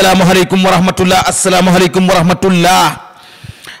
asalaamaaleykum wa rahmatullah asalaamaaleykum wa rahmatullah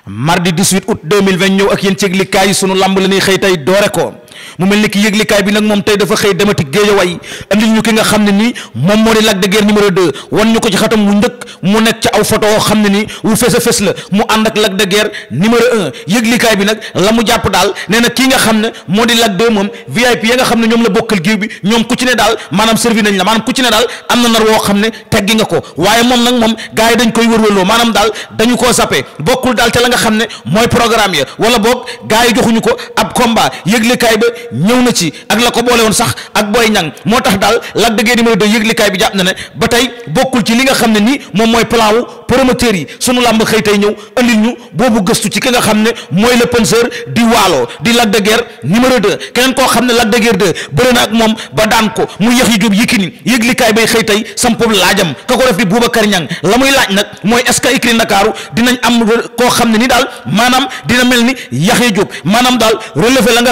mardi 18 août 2020 ñëw ak yéen ci yëglikaay yi sunu lamb la ñuy xëy tey doore ko mu mel ni ki yëglikaay bi nag moom tey dafa xëy demati géejawaay andil ñu ki nga xam ne ni moom moo di Lac de Guiers numéro 2 wan ñu ko ci xatam mu njëkk mu nekk ca aw photo woo xam ne ni wu fës a fës mu ànd ak Lac de numéro 1 bi nag la mu jàpp daal nee na kii nga xam ne moo di Lac 2 moom VIP ya nga xam ne ñoom la bokkal géew bi ñoom ku ci ne daal maanaam servi nañ la maanaam ku ci ne daal am na nar woo xam ne teggi nga ko waaye moom nag moom gars yi dañ koy wërwërloo maanaam daal dañu koo sappe bokkul daal ca la nga xam ne mooy programme ya wala boog gars yi joxuñu ko ab combat yëglikaay ba ñëw na ci ak la ko boole woon sax ak booy ñang moo tax daal Lac de Guiers numéro 2 yëglikaay bi jàpp na ne ba tey bokkul ci li nga xam ne ni moom mooy plan wu promoteur yi sunu làmb xëy tey ñëw andil ñu boobu gëstu ci ki nga xam ne mooy le penseur di waalo di Lac de Guiers numéro 2 keneen koo xam ne Lac de Guiers 2 bëri na ak moom ba daan ko mu yéex yu jub Yékini yëglikaay bay xëy tey sampoob laajam ka ko def di Boubacar Ñang la muy laaj nag mooy est-ce que écurie Ndakaaru dinañ am koo xam ne daal maanaam dina mel ni Yaxya Jóob maanaam daal relevé la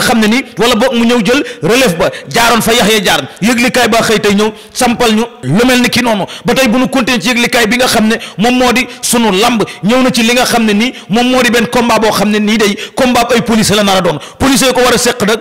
boog mu ñëw jël relève ba jaaroon fa yax jaar yëglikaay ba xëy ñëw sampal ñu lu ni ki noonu ba tey bu ñu continuer ci yëglikaay bi nga xam ne moom moo di sunu lamb ñëw na ci li nga xam ne nii moom moo di benn combat boo xam ne nii day combat ay police la nar a doon police yi a seq nag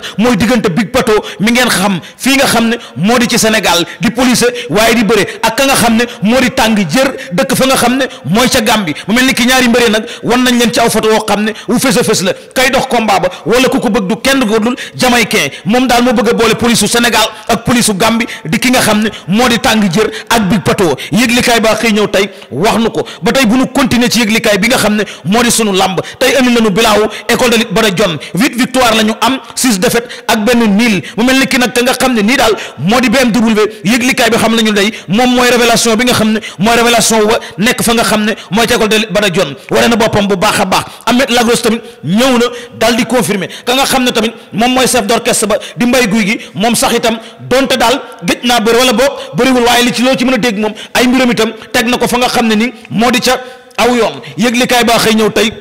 nga xam ne moo di ci Sénégal di police waaye di bëre ak ka nga xam ne moo di tàng jër dëkk fa nga xam ne mooy ca Gàmbi mu mel ni ki ñaari mbëree nag wan nañ leen ci aw foto woo xam ne wu fës a fës la kay dox combat ba wala ku ko bëgg du kenn ko jamay américain moom daal mu bëgg a boole police su Sénégal ak polisu Gàmbi di ki nga xam ne moo di tàng jër ak big pato yëglikaay baa xëy ñëw tey wax nu ko ba tey bu nu continuer ci yëglikaay bi nga xam ne moo di sunu làmb tey andi nañu bilaawu école de lutte ba da jon huit victoire la ñu am six défaites ak benn niil mu mel ni ki nag ka nga xam ne nii daal moo di BMW yëglikaay bi xam nañu day moom mooy révélation bi nga xam ne mooy révélation ba nekk fa nga xam ne mooy ci école de ba da jon wane na boppam bu baax a baax Ahmed Lagros tamit ñëw na daal di confirmer ka nga xam ne tamit moom mooy chef d'orchestre ba di mbay guy gi moom sax itam donte daal gëj naa bëri wala boog bëriwul waaye li ci loo ci mën a dégg moom ay mbiram itam teg na ko fa nga xam ne ni moo di ca aw yoon yëglikaay baa xëy ñëw tey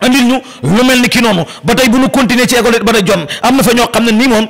andil ñu lu mel ni ki noonu ba tey bu ñu continuer ci école ba tey jom am na fa ñoo xam ne nii moom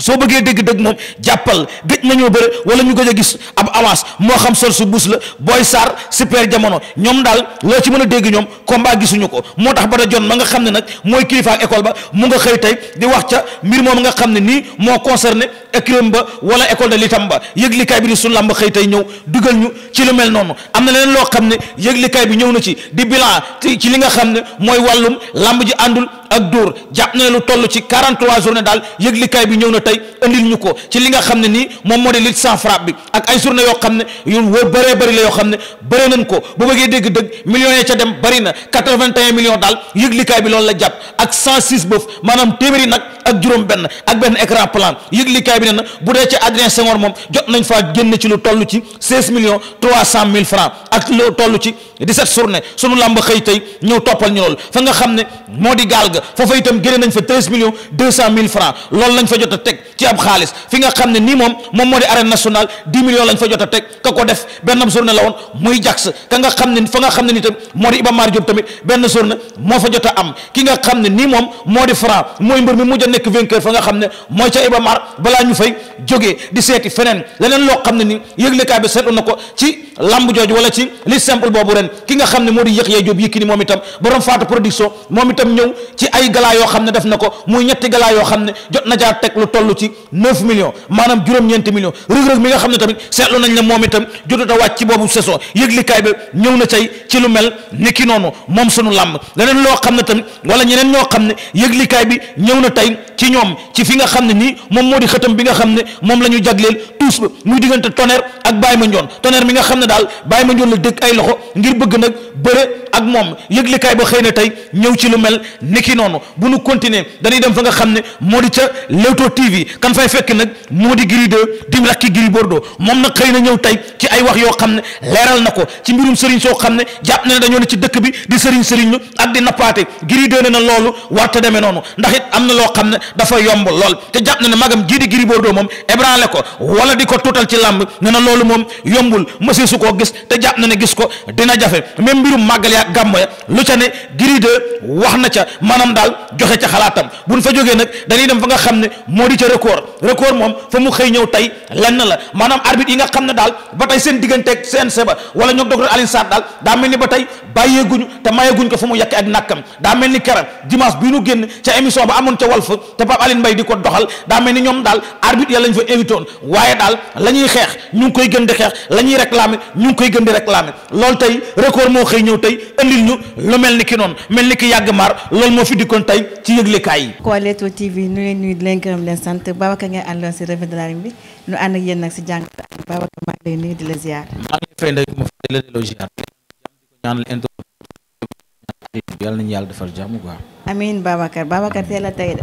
soo bëggee dégg dégg moom jàppal gëj nañoo bëre wala ñu ko a gis ab avance moo xam sol su buus la booy saar super jamono ñoom daal loo ci mën a dégg ñoom combat gisuñu ko moo tax ba da jon ma nga xam ne nag mooy kilifa ak école ba mu nga xëy tey di wax ca mbir moom nga xam ne nii moo concerné écurie ba wala école de litam ba yëglikaay bi di suñu làmb xëy tey ñëw dugal ñu ci lu mel noonu am na leen loo xam ne yëglikaay bi ñëw na ci di bilan ci li nga xam ne mooy wàllum làmb ji àndul ak dóor jàpp na lu toll ci 43 journée daal yëglikaay bi ñëw na tey andil ñu ko ci li nga xam ne nii moom moo di lutte sans bi ak ay journée yoo xam ne yu wër bëree la yoo xam ne bëri nañ ko bu bëggee dégg dëgg millions yi ca dem bëri na quatre-vingt-un millions daal yëglikaay bi loolu la jàpp ak cent six bëf maanaam téeméeri nag ak juróom benn ak benn écran plan yëglikaay bi ne na bu dee ci Adrien Senghor moom jot nañ faa génn ci lu toll ci seize millions trois cent mille francs ak lu toll ci di gaal ga foofa ci ab xaalis fi nga xam ne nii moom moom moo di arène nationale dix millions lañ fa jot a teg ka ko def benn journée la woon muy jax ka nga xam ne fa nga xam ne nii tam moo di Iba Mar a xam ne nii moom moo di Franc mooy mbër mi mujj a nekk vainqueur fa nga xam ne mooy ca Iba balaa ñu fay jógee di seeti feneen leneen loo xam ne nii yëglekaay bi seetlu na ko ci lamb jooju wala ci li simple boobu ren ki nga xam ne moo di yëq yee Diop Yékini moom itam borom faatu production moom itam ñëw ci ay galaa yoo xam ne def na ko muy ñetti galaa yoo xam ne jot toll ci 9 millions maanaam juróom-ñeenti millions rëg-rëg mi nga xam ne tamit seetlu nañ ne moom itam jotut a wàcc ci boobu saison yëglikaay ba xam ne tamit wala bi ñëw na tey ci ñoom ci fi nga xam ne nii moom moo di xëtam bi nga xam ne moom la ñu jagleel tous ba muy diggante tonnerre ak Baye Mandione tonnerre mi nga xam ne daal Baye Mandione la dëkk ay loxo ngir bëgg nag bëre ak moom yëglikaay ba xëy na tey ñëw ci lu mel ni ki noonu bu nu continuer dañuy dem fa nga xam ne moo di ca Leewtoo TV kan fay fekk nag moo di Gris 2 di rakki Gris Bordeaux moom nag xëy na ñëw tey ci ay wax yoo xam ne leeral na ko ci mbirum sëriñ soo xam ne jàpp na ne dañoo ne ci dëkk bi di sëriñ sëriñ lu ak di nappaate Gris 2 ne na loolu warta demee noonu ndax it am na loo xam ne dafa yomb lool te jàpp na ne magam jii di Gris Bordeaux moom ébranlé ko wala di ko tuutal ci làmb ne na loolu moom yombul mësee su koo gis te na gis ko dina gàmmo ya lu ca ne Gris 2 wax na ca maanaam daal joxe ca xalaatam buñ fa jógee nag dañuy dem fa nga xam ne moo di ca record record moom fa mu xëy ñëw tey lenn la maanaam arbitre yi nga xam ne daal ba tey seen digganteeg CNG ba wala ñoog docteur Alioune Sarr daal daa mel ni ba tey bàyyeeguñu te mayeeguñ ko fu mu yàkke ak nàkkam daa mel ni keram dimanche bi nu génn ca émission ba amoon ca Walf te Pape Aline Mbaye di ko doxal daa mel ni ñoom daal arbitre ya lañ fa invité woon waaye daal la koy gën di xeex la ñuy réclamer ñu ngi koy gën di réclamer loolu tey ëllil lu mel ni ki noonu mel ni ki yàgg maar loolu moo fi dikkoon tey ci yëglekaay yi. ko Leewtoo TV ñu leen nuyu di leen gërëm leen sant Babacar ngay àndoon si revue de bi ñu ànd ak yéen si jàng Babacar maa ngi di la ziar. maa ngi lay fay ndey ma fay la delloo ziar la yàlla nañu defal jàmm quoi. amiin Babacar Babacar teel a tey de.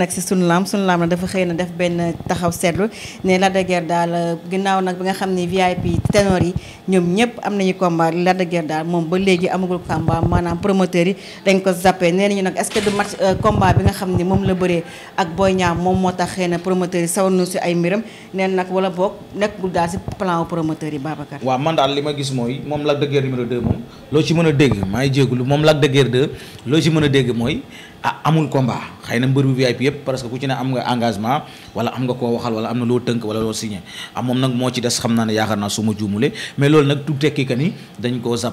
nag si sunu laam sunu laam na dafa xëy na def benn taxaw seetlu ne Lac de daal ginnaaw nag bi nga xam ne VIP ténor yi ñoom ñëpp am nañu combat Lac de daal moom ba léegi amagul combat maanaam promoteur yi dañ ko zappé nee nañu nag est-ce que du match euh, combat bi nga xam ne moom la bëree ak Boy Niang moom moo tax xëy na promoteur yi sawarnu si ay mbiram neen nag wala boog nekkul daal si plan promoteur yi Babacar waaw man daal li ma gis mooy moom Lac de Guiers numéro 2 moom loo ci mën a dégg maa ngi jégalu moom Lac de Guiers loo ci mën a dégg mooy ah amul combat xëy na mbër bi VIP yëpp parce que ku ci ne am nga engagement wala am nga koo ah, moo ci des xam naa ne yaakaar naa su ma juumule mais loolu nag du tekki que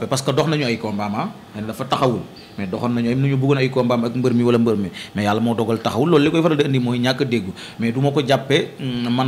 parce que dox ah. mais doxoon nañu ay ñu bëggoon ay combat ak mbër mi wala mbër mi mais yàlla moo dogal taxawul loolu li koy faral di indi mooy ñàkk déggu mais du ma ko jàppee mm,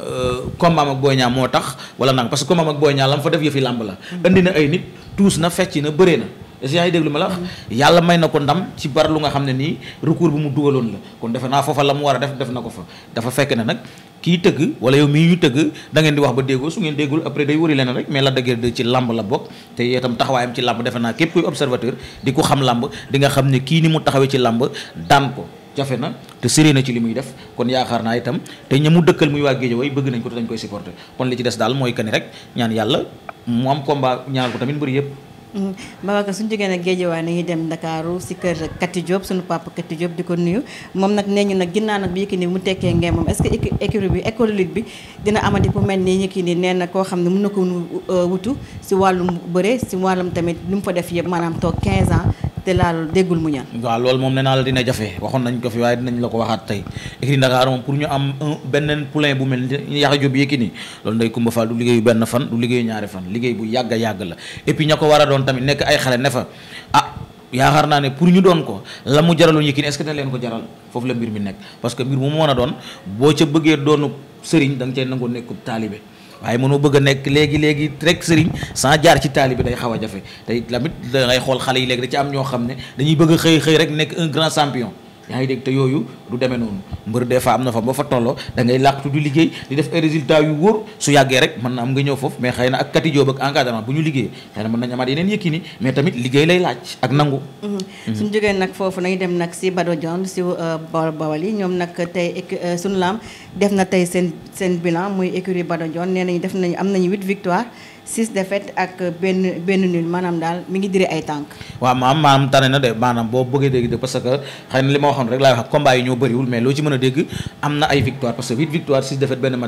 euh, ak Boy Niang moo tax wala nag parce que combat ak Boy Niang la mu fa def yëfi làmb la mm. indi na ay nit tuus na fecc na bëree na est-ce déglu ma la yàlla may na ko ndam ci bar lu nga xam ne nii recours bi mu dugaloon la kon defe naa foofa la mu war a def def na ko fa dafa fekk ne nag kii tëgg wala yow mii ñu tëgg da ngeen di wax ba déggoo su ngeen déggul après day wëri leneen rek mais la dëgg de ci làmb la bokk te itam taxawaayam ci làmb defe naa képp kuy observateur di ko xam làmb di nga xam ne kii ni mu taxawee ci làmb daan ko jafe na te séré na ci li muy def kon yaakaar naa itam te ña mu dëkkal muy waa Guédiawaye bëgg nañ ko te dañ koy supporter kon ci des daal mooy que rek ñaan yàlla mu am combat ko tamit mbëri yëpp Mm-hmm. Babacar suñu jógee nag géejewaay nañuy dem Ndakaaru si kër Kati Diop suñu papa Kati di ko nuyu moom nag nee ñu nag ginnaaw nag bi Yékini mu tekkee ngeen moom est-ce que écurie bi école lutte bi dina amati ku mel ni Yékini nee na koo xam ne mën na ko euh, wutu si wàllum bëre si wàllum tamit lu mu fa def yëpp maanaam toog 15 ans te laal déggul mu ñaan waaw loolu moom nee naa la dina jafe waxoon nañ ko fi waaye dinañ la ko waxaat tey écurie Ndakaar moom pour ñu am un benn poulain bu mel ni Yaxya Jóob Yékini loolu Ndeye Coumba Fall du liggéeyu benn fan du liggéeyu ñaari fan liggéey bu yàgg a yàgg la et ña ko war a doon tamit nekk ay xale ne fa ah yaakaar naa ne pour ñu doon ko la mu jaraloon Yékini est-ce que leen ko jaral foofu la mbir mi nekk parce que mbir mu mën a doon boo ca bëggee doonu sëriñ da nga cay nangoo nekkub taalibe waaye mënoo bëgg a nekk léegi léegi rek sëriñ sans jaar ci taalibe day xaw a jafe te it lamit da xool xale yi léegi da ci am ñoo xam ne dañuy bëgg xëy xëy rek nekk un grand champion yaa ngi dégg te yooyu du demee noonu mbër des fois am na fa ba fa tolloo dangay ngay làqtu liggéey di def ay résultats yu wóor su yàggee rek mën na am nga ñëw foofu mais xëy na ak kati joob ak encadrement bu ñu liggéey xëy na mën nañu amaat yeneen yëkki lay laaj ak nangu mhm. Mhm. suñu jógee nag foofu nañu dem nag si Bado Dione si euh, Bawol Bawol ñoom nag tey euh, suñu laam def na tey seen seen bilan muy écurie Bado Dione nee nañu def nañu am nañu huit victoire six défaites ak benn benn nul maanaam daal mi ngi dire ay tànk waaw maam maam tane na de maanaam boo bëggee dégg de parce que xëy na li ma wax combat yi ñoo loo ci mën a dégg am na ay victoire parce que huit victoire six yi defe naa na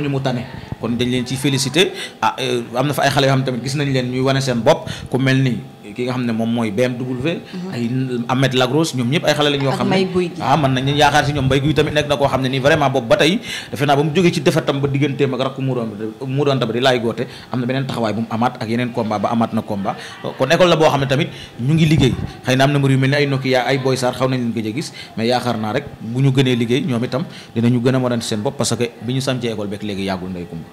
ñu mu tane kon dañ leen ci félicité ah euh, am na fa ay xale yoo xam tamit gis nañ leen ñuy wane seen bopp ku mel ni ki nga xam ne moom mooy BMW mhm. ay Ahmed Lagros ñoom ñëpp ay xale lañ yoo xam ne waaw ah, mën nañu yaakaar si ñoom mbay guy tamit nekk na koo xam ne nii Laay Goote am na beneen taxawaay bu mu amaat ak yeneen combat ba amaat na combat kon école la boo xam ne tamit ñu ngi liggéey xëy na am na mbir yu mel ni ay Nokia ay Boy xaw nañ leen gëj a gis mais yaakaar naa rek bu ñu gënee liggéey ñoom itam dinañu gën a mën a seen bopp parce que bi ñu sàncee école beeg léegi yàggul nday kumba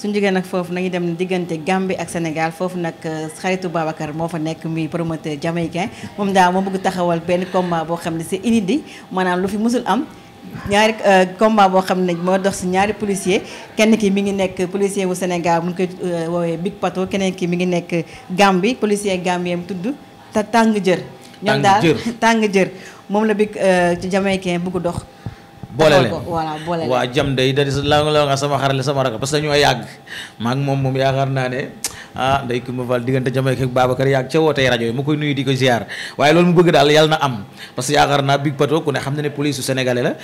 suñu jigéen nag foofu nañu dem diggante Gambie ak Sénégal foofu nag euh, xaritu Babacar moo fa nekk muy promoteur ñaari euh, combat boo xam ne moo dox si ñaari policier kenn ki mi ngi nekk policier wu Sénégal mu ngi koy euh, woowee Big Pato keneen ki mi ngi nekk Gambie policier Gambie mu tudd te tàng jër. ñoom daal tàng jër moom la big euh, ci jamaïcain bugg dox. boole boole waa jam day da la nga sama xarale sama rakk parce que yàgg maa ngi moom moom yaakaar naa ne. ah nday Kumba Fall diggante Jamaïque ak Babacar yaag ca wootee rajo yi mu koy nuyu di ko ziar waaye loolu mu bëgg daal yàlla na am parce que naa Big Pato ku ne xam na ne police su sénégalais la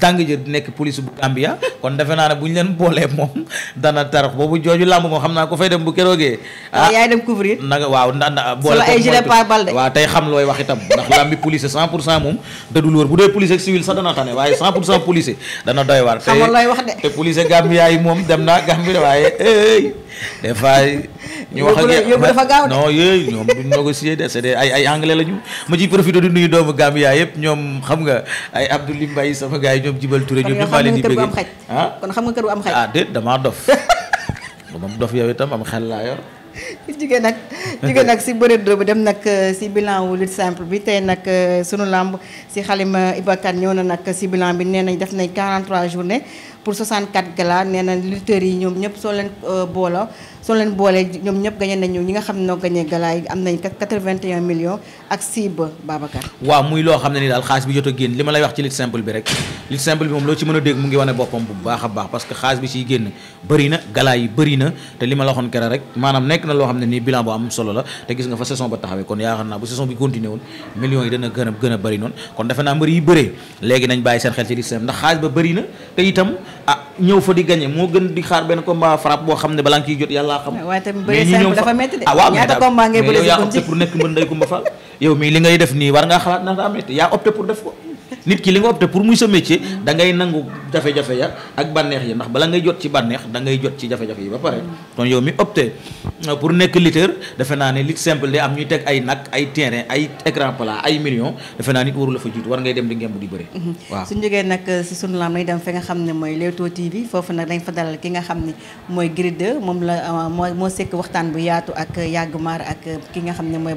tàng jër nekk police bu Gambia kon defe naa ne bu ñu leen boolee moom dana tarax boobu jooju làmb moom xam naa ko fay dem bu keroogee ah, ah tey xam looy wax itam ndax làmbi police cent pour cent moom dadul wër bu dee police ak civil sax dana tane waaye cent des fois. ñu wax ak yéen dafa gaaw non yooyu ñoom duñ négocier de c'est ay ay anglais la ma ciy profité di nuyu doomu yaay yëpp ñoom xam nga ay Abdoulaye Mbaye sama gars yi ñoom Jibal Touré ñoom. Ah? xam nga kër bu am xaj. ah déet damaa dof moom dof yow itam am xel laa yor. jigéen nag jigéen nag si bëreet bi dem nag euh, si bilan wu lutte simple bi tey nag euh, sunu lamb si xalima Ibakan ñëw na nag si bilan bi nee nañ def nañ 43 journée pour 64 gala nee na lutteurs yi ñoom ñëpp soo leen euh, booloo soo leen boolee ñoom ñëpp gañe nañu ñi nga xam ne noo gañee gala yi am nañ 81 millions ak ciba Babacar waaw muy loo xam ne ni daal xaalis bi jot a génn li ma lay wax ci lutte simple bi rek lutte simple bi moom loo ci mën a dégg mu ngi wane boppam bu baax a baax parce que xaalis bi ciy génn bëri na yi bëri te li ma la waxoon rek maanaam nekk na loo xam ne nii bilan bu am solo la te gis nga fa saison a gën a ah ñëw fa di gagné moo gën di xaar benn combat frappe boo xam ne balaa nga ciy jot yàlla xam. waaye tamit bëri simple dafa métti de. ah waaw ñaata combat pour nekk mbër Ndeye Coumba Fall yow mii li ngay def nii war ngaa xalaat ndax daa métti yaa opté pour def ko nit ki li nga opté pour muy sa métier da ngay nangu jafe-jafe ya ak bànneex yi ndax bala ngay jot ci bànneex da ngay jot ci jafe-jafe yi ba pare kon yow mi opté euh, pour nekk lutteur defe naa ne lutte simple day am ñuy teg ay nag ay terrain ay écran plat ay millions defe naa nit waru la fa jiitu war ngay dem di ngemb di bëre mhm. waaw suñ jógee nag euh, si sunu lam lañ dem fi nga xam ne mooy Leewtoo TV foofu nag dañ fa dalal ki nga xam ne mooy Gris 2 moom la euh, moo moo bu yaatu ak Yagg Maar ak ki nga xam ne mooy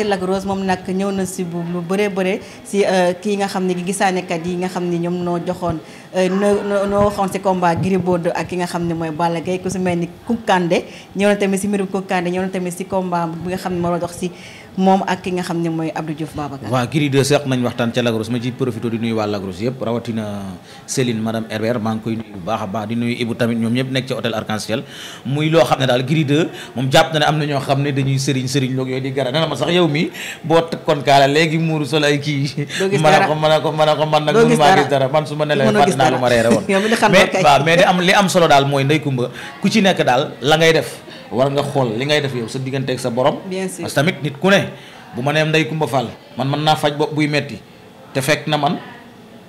si Lac Rose moom nag ñëw na si bu lu bëree bëre si euh, kii nga xam ne gisaanekat yi nga xam ne ñoom noo joxoon euh, noo noo waxoon si combat Gris Bordeaux ak ki nga xam ne mooy Balla Gaye ku si mel ni Kounkandé ñëw na tamit si mbirum Kounkandé ñëw na tamit si combat bi nga xam ne moo dox si moom ak ki nga xam ne mooy Abdou Diouf Babacar. waaw Gris 2 waxtaan ca Lagros ma ci profité di nuyu waa Lagros yëpp rawatina Céline madame Herbert maa ngi koy nuyu bu baax a baax di nuyu Ibou tamit ñoom ñëpp nekk ci hôtel arc muy loo xam ne daal Gris 2 moom jàpp na ne am na ñoo xam ne dañuy sëriñ sëriñ loog yooyu di gara nana sax yow mi boo kon kaala léegi muuru sol ay kii mën a ko a ko mën a naa lu ma reere am li am solo daal mooy ndey kumba ku ci nekk daal la ngay def war nga xool li ngay def yow sa diggante ak sa borom. bien sûr tamit nit ku ne bu ma nee ndey Kumba Fall man mën naa faj bopp buy metti te fekk na man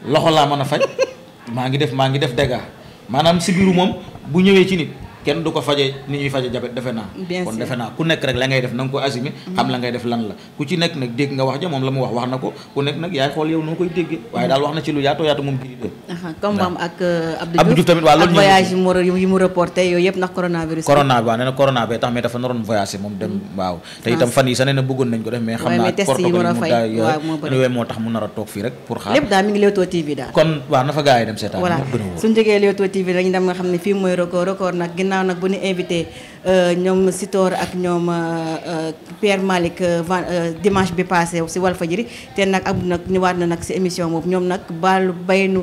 loxo laa mën a faj maa ngi def maa ngi def dégâts maanaam sibiru moom bu ñëwee ci nit. kenn du ko faje ni ñuy faje jabet defe naa kon defe naa ko assumer mm-hmm. xam la ngay def lan la ku ci nekk nag dégg nga wax ja moom la mu wax wax na ko ku nekk nag yaay xool yow noo koy déggee mm-hmm. waaye daal wax na ci lu yaatoo yaatu moom waa euh, loolu voyage yi mu reporté yooyu yëpp ndax coronavirus corona bi waaw nee na corona bee dem mm-hmm. waaw te ah. itam fan yi sax nee na bëggoon nañ ko def mais xam naa protocole moo tax a TV daal kon waaw na gaa yi dem seetaan voilà suñu jógee Leewtoo TV gannaaw nag bu ñu invité Euh, ñoom Sitor ak ñoom euh, euh, Pierre Malick dimanche bi passé si Walfadjri te nag ab nag ñëwaat na nag si émission boobu ñoom nag baal bay nu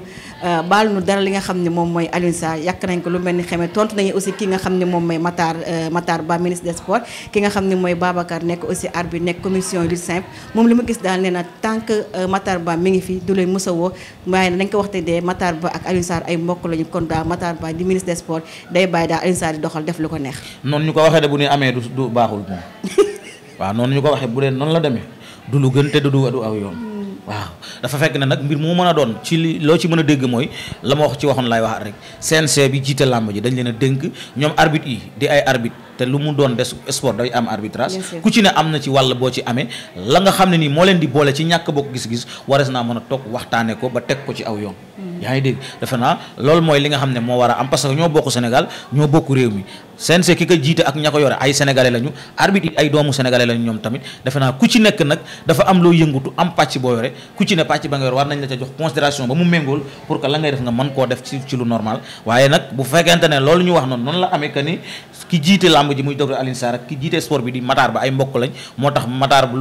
baal nu dara li nga xam ne moom mooy Alioune yàq nañ ko lu mel ni xamee tontu nañu aussi ki nga xam ne moom mooy Matar Matar Ba ministre ki nga xam ne mooy Babacar nekk aussi bi nekk commission lutte simple moom li ma gis daal nee na tant que Matar Ba mi ngi fi du leen mos a woo waaye dañ ko waxte dee Matar Ba ak Alioune Sarr ay mbokk lañu kon daal Matar Ba di ministre des sports day bàyyi daal Alioune Sarr def lu ko neex noonu ñu ko waxee de bu ñuy amee du du baaxul moom waaw noonu ñu ko waxee bu dee noonu la demee du lu gën te du du aw yoon. Mm. waaw dafa fekk ne nag mbir mu mën a doon ci li loo ci mën a dégg mooy la ma wax ci waxoon lay waxaat rek CNC bi jiite làmb ji dañ leen a dénk ñoom arbitre yi di ay arbitre te lu mu doon des sport day am arbitrage ku ci ne am na ci wàll boo ci amee la nga xam ne nii moo leen di boole ci ñàkk bokk gis-gis wares naa mën a toog waxtaane ko ba teg ko ci aw yoon mm. yaa ngi dégg defe naa loolu mooy li nga xam ne moo war a am parce que ñoo bokk Sénégal ñoo bokk réew mi CNC ki ko jiite ak ña ko yore ay sénégalais lañu arbitre yi ay doomu sénégalais lañu ñoom tamit defe naa ku ci nekk nag dafa am loo yëngutu am pàcc boo yore ku ci ne pàcc ba nga yore war nañ la ca jox considération ba mu méngool pour que la ngay def nga mën koo def ci lu normal waaye nag bu fekkente ne loolu ñu wax noonu la amee que ki jiite làmb ji muy docteur Alioune Sarr ki jiite sport bi di Matar ba ay mbokk lañ moo tax Matar da bu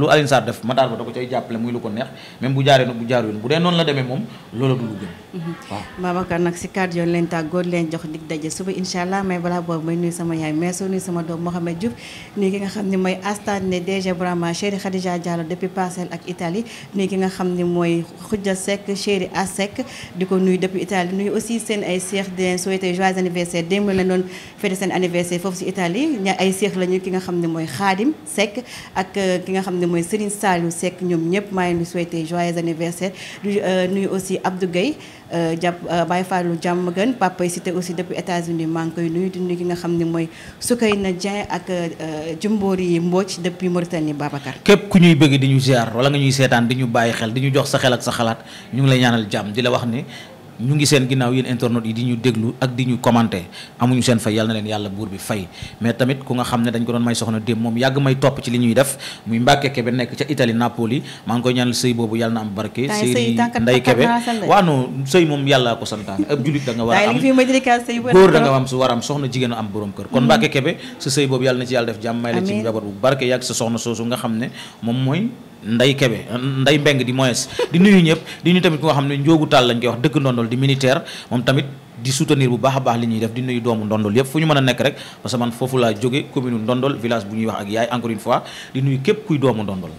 lu gën mhm. waaw sama yaay mais soo nuyu sama doom Mohamed Diouf nuyu ki nga xam ne mooy Astane ne DG Brahma chéri Khadija Diallo depuis Parcelles ak Italie nuyu ne mooy Khoudia Seck chéri Asek aussi seen ay seex di leen souhaiter joyeux anniversaire démb la doon fêter seen anniversaire foofu si Italie ña ay seex la ki nga xam ne mooy Khadim Seck ak euh, ki nga xam ne mooy Serigne Saliou Seck ñoom ñëpp maa ngi leen di anniversaire euh, nuyu aussi Abdou Gueye euh, jàpp jàmm gën papa yi cité aussi depuis États-Unis mooy na jaay ak euh, yi Jumbori Mbodj depuis Mauritanie Babacar. képp ku ñuy bëgg di ñu ziar wala nga ñuy seetaan di ñu bàyyi xel di ñu jox sa xel ak sa xalaat ñu ngi lay ñaanal jàmm di la wax ni mu ngi seen ginnaaw yéen internautes yi di ñu déglu ak di ñu commenter amuñu seen fa yàlla na leen yàlla buur bi fay mais tamit ku nga xam ne dañ ko doon may soxna démb moom yàgg may topp ci li ñuy def muy Mbacke Kebe nekk ca Italie Napoli maa ngi koy ñaanal sëy boobu yàlla na am barke sëy Ndey Kebe waaw non sëy moom ko santaane ab julit da nga war a nga am su war am soxna jigéen am borom kër kon mm-hmm. Mbacke Kebe sa sëy boobu yàlla na ci yàlla def jàmm may la ci njaboot bu barke yàgg sa soxna soosu nga xam ne moom mooy nday kebe nday mbeng di moins di nuyu ñëpp di ñu tamit ku nga xam ne njoogu taal lañ koy wax dëkk ndondol di militaire moom tamit di soutenir bu baax a baax li ñuy def di nuyu doomu ndondol yëpp fu ñu mën a nekk rek parce que man foofu laa jóge commune ndondol village bu ñuy wax ak yaay encore une fois di nuyu képp kuy doomu ndondol